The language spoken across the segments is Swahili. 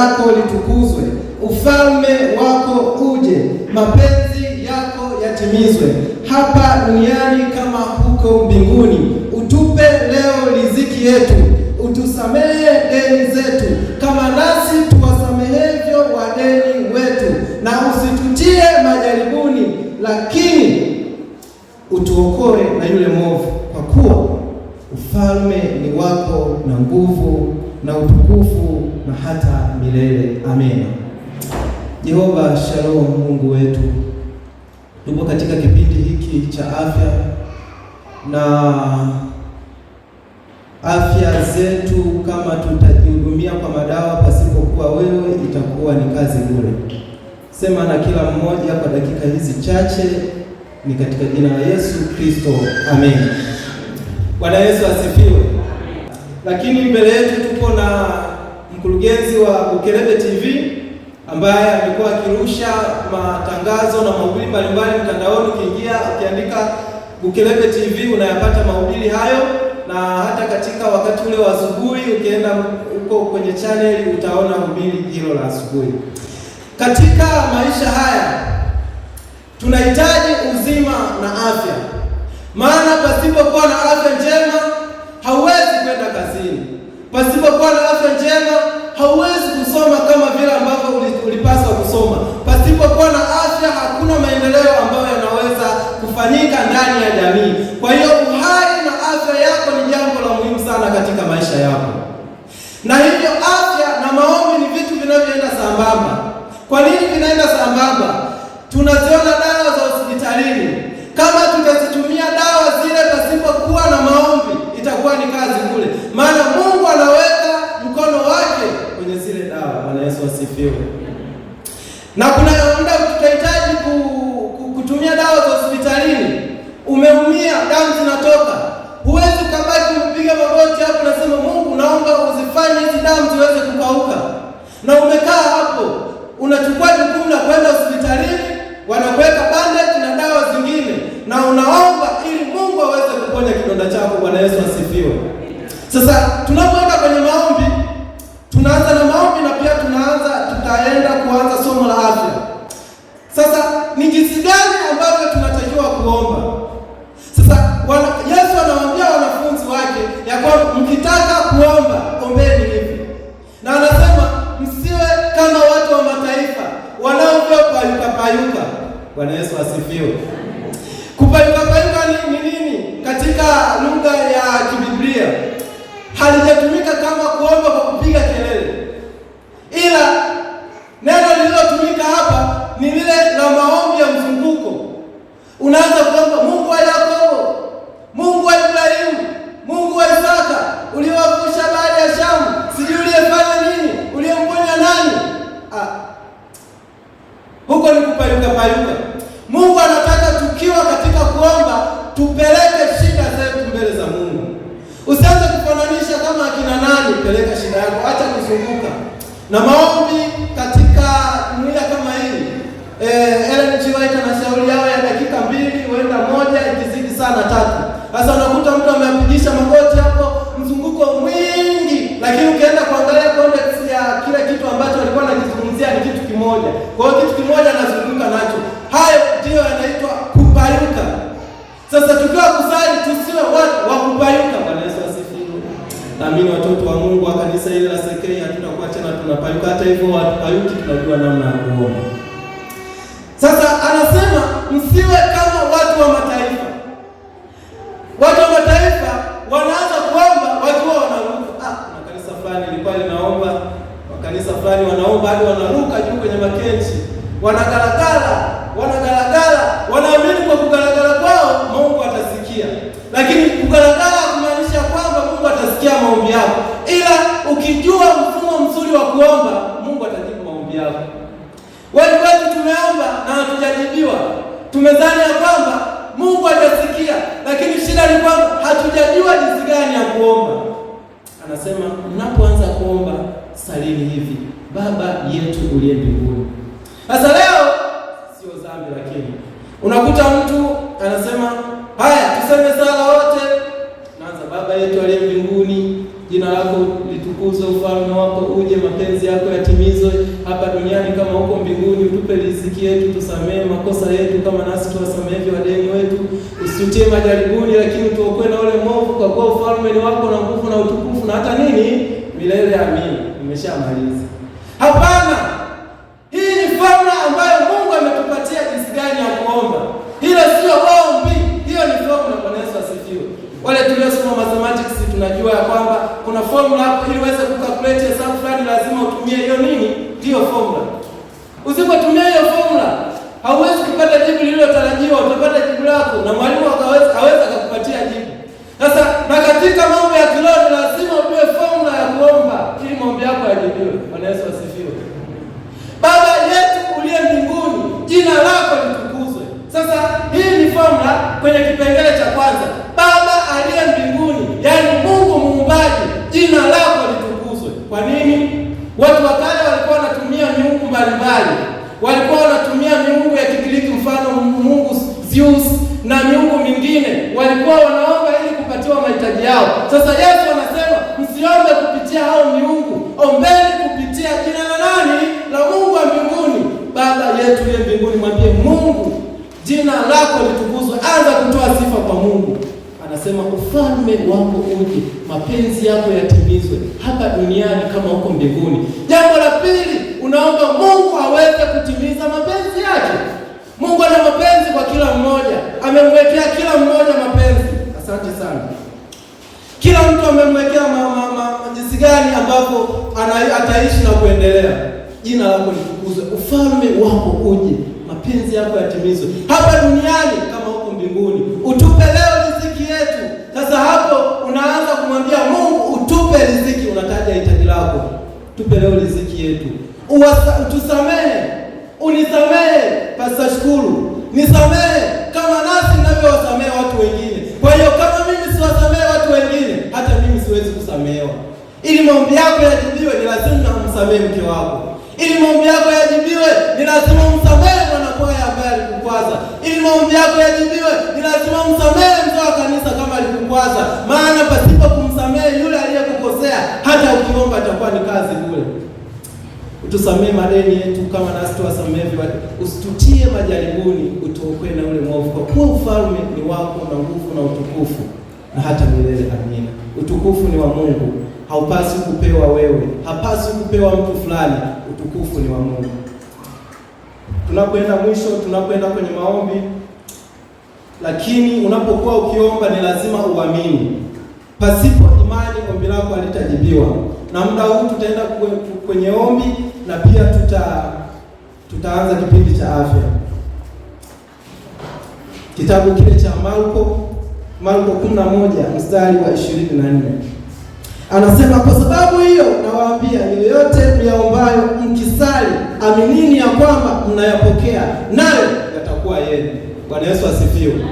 lako litukuzwe, ufalme wako uje, mapenzi yako yatimizwe hapa duniani kama huko mbinguni. Utupe leo riziki yetu, utusamehe deni zetu kama nasi tuwasamehevyo wadeni wetu, na usitutie majaribuni, lakini utuokoe na yule mwovu, kwa kuwa ufalme ni wako na nguvu na utukufu na hata milele. Amen. Jehova Shalom, Mungu wetu, tupo katika kipindi hiki cha afya na afya zetu, kama tutajihudumia kwa madawa pasipokuwa wewe, itakuwa ni kazi bure. Sema na kila mmoja kwa dakika hizi chache, ni katika jina la Yesu Kristo, amen. Bwana Yesu asifiwe. Lakini mbele yetu tuko na mkurugenzi wa Ukelebe TV ambaye amekuwa akirusha matangazo na mahubiri mbalimbali mtandaoni. Ukiingia ukiandika Ukelebe TV unayapata mahubiri hayo, na hata katika wakati ule wa asubuhi ukienda huko kwenye chaneli utaona hubiri hilo la asubuhi. Katika maisha haya tunahitaji uzima na afya, maana pasipokuwa na afya njema hauwezi kwenda kazini. Pasipokuwa na afya njema, hauwezi kusoma kama vile ambavyo ulipaswa kusoma. Pasipokuwa na afya, hakuna maendeleo ambayo yanaweza kufanyika ndani ya jamii. Kwa hiyo uhai na afya yako ni jambo la muhimu sana katika maisha yako, na hivyo afya na maombi ni vitu vinavyoenda sambamba. Kwa nini vinaenda sambamba? Tunaziona dawa za hospitalini, kama tutazitumia tutaenda kuanza somo la afya. Sasa ni jinsi gani ambavyo tunatakiwa kuomba? Sasa wana, Yesu anawaambia wanafunzi wake ya kwamba mkitaka kuomba ombeni hivi, na anasema msiwe kama watu wa mataifa wanaopewa kupayuka payuka. Bwana Yesu asifiwe. Kupayuka payuka ni nini katika lugha ya Kibiblia? Halijatumika kama kuomba kwa kupiga na maombi katika dunia kama hii eh, Ellen G. White na shauri yao ya dakika mbili huenda moja ikizidi sana tatu. Sasa unakuta mtu amepigisha magoti hapo, mzunguko mwingi, lakini ukienda kuangalia context ya kila kitu ambacho alikuwa anakizungumzia ni kitu kimoja. Kwa hiyo kitu kimoja anazunguka nacho, hayo ndiyo yanaitwa kupayuka. Sasa tukiwa kusali, tusiwe watu wa kupayuka. Bwana Yesu asifiwe. Naamini watoto wa Mungu wa kanisa hili la tunapalika. Hata hivyo hayuti, tunajua namna ya kuomba. Sasa anasema msiwe kama watu wa mataifa. Watu wa mataifa wanaanza kuomba wakiwa wanaruka. Ah, na kanisa fulani ilikuwa linaomba, wakanisa fulani wanaomba hadi wanaruka juu kwenye makenchi, wanakarakara kuomba, Mungu atajibu maombi yako. Wengi wetu tumeomba na hatujajibiwa, tumedhani ya kwamba Mungu atasikia, lakini shida ni kwamba hatujajua jinsi gani ya kuomba. Anasema mnapoanza kuomba, salini hivi: Baba yetu uliye mbinguni. Sasa leo sio dhambi, lakini unakuta mtu anasema mbinguni, utupe riziki yetu, tusamehe makosa yetu kama nasi tuwasamehe wadeni wetu, usitutie majaribuni, lakini tuokoe na ule mwovu, kwa kuwa ufalme ni wako na nguvu na utukufu na hata nini milele. Amini. Nimeshamaliza. Hapana, hii ni fomula ambayo Mungu ametupatia jinsi gani ya kuomba. Hilo sio ombi, hiyo ni fomula. Bwana Yesu asifiwe. Wale tuliosoma mathematics tunajua ya kwamba kuna fomula hapo, ili uweze kukalkulate hesabu fulani lazima utumie hiyo nini, ndiyo fomula Usipotumia hiyo formula hauwezi kupata jibu lililotarajiwa. Utapata jibu lako na mwalimu hawezi akakupatia jibu. Sasa na katika mambo ya kiroho lazima upewe formula ya kuomba ili maombi yako yajibiwe. Bwana Yesu asifiwe. Baba yetu uliye mbinguni, jina lako litukuzwe. Sasa hii ni formula kwenye kipengele cha kwanza. ufalme wako uje, mapenzi yako yatimizwe hapa duniani kama huko mbinguni. Jambo la pili, unaomba Mungu aweze kutimiza mapenzi yake. Mungu ana mapenzi kwa kila mmoja, amemwekea kila mmoja mapenzi. Asante sana. Kila mtu amemwekea jinsi gani ambapo ataishi na kuendelea. Jina lako litukuzwe, ufalme wako uje, mapenzi yako yatimizwe hapa duniani kama huko mbinguni. Utupe leo yako, tupe leo riziki yetu, utusamehe, unisamehe pasa Shukuru, nisamehe kama nasi ninavyowasamehe watu wengine. Kwa hiyo kama mimi siwasamehe watu wengine, hata mimi siwezi kusamehewa. Ili maombi yako yajibiwe, ni lazima umsamehe mke wako. Ili maombi yako yajibiwe, ni lazima umsamehe mwanakwaya ambaye alikukwaza. Ili maombi yako yajibiwe, ni lazima umsamehe mzee wa kanisa kama alikukwaza, maana pasipo hata ukiomba itakuwa ni kazi bure. Utusamee madeni yetu kama nasi tuwasamee, usitutie majaribuni, utuokoe na ule mwovu, kwa kuwa ufalme ni wako na nguvu na utukufu na hata milele. Amina. Utukufu ni wa Mungu, haupasi kupewa wewe, hapasi kupewa mtu fulani. Utukufu ni wa Mungu. Tunakwenda mwisho, tunakwenda kwenye maombi, lakini unapokuwa ukiomba ni lazima uamini Pasipo imani ombi lako halitajibiwa. Na muda huu tutaenda kwenye ombi na pia tuta tutaanza kipindi cha afya. Kitabu kile cha Marko Marko 11 mstari wa 24 anasema, kwa sababu hiyo nawaambia, yoyote myaombayo mkisali, aminini ya kwamba mnayapokea, nayo yatakuwa yenu. Bwana Yesu asifiwe.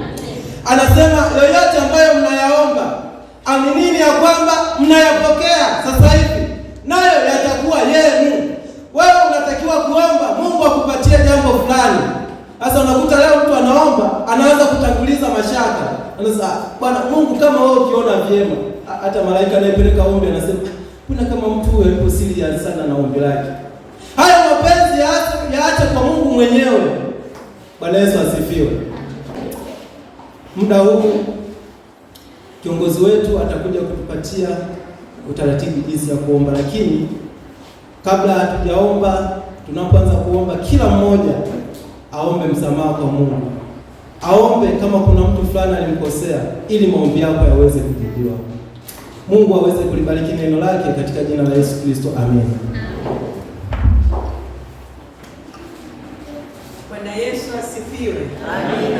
Anasema yoyote ambayo mnayaomba aminini ya kwamba mnayapokea sasa hivi, nayo yatakuwa yenu. Wewe unatakiwa kuomba Mungu akupatie jambo fulani. Sasa unakuta leo mtu anaomba, anaanza kutanguliza mashaka. Sasa bwana Mungu, kama wewe ukiona vyema. Hata malaika anayepeleka ombi anasema kuna kama mtu huyo yupo serious sana na ombi lake. Hayo mapenzi yaache kwa Mungu mwenyewe. Bwana Yesu asifiwe. Muda huu Kiongozi wetu atakuja kutupatia utaratibu jinsi ya kuomba, lakini kabla hatujaomba, tunapoanza kuomba, kila mmoja aombe msamaha kwa Mungu, aombe kama kuna mtu fulani alimkosea, ili maombi yako yaweze kujibiwa. Mungu aweze kulibariki neno lake katika jina la Yesu Kristo, amen. Bwana Yesu asifiwe. Amen.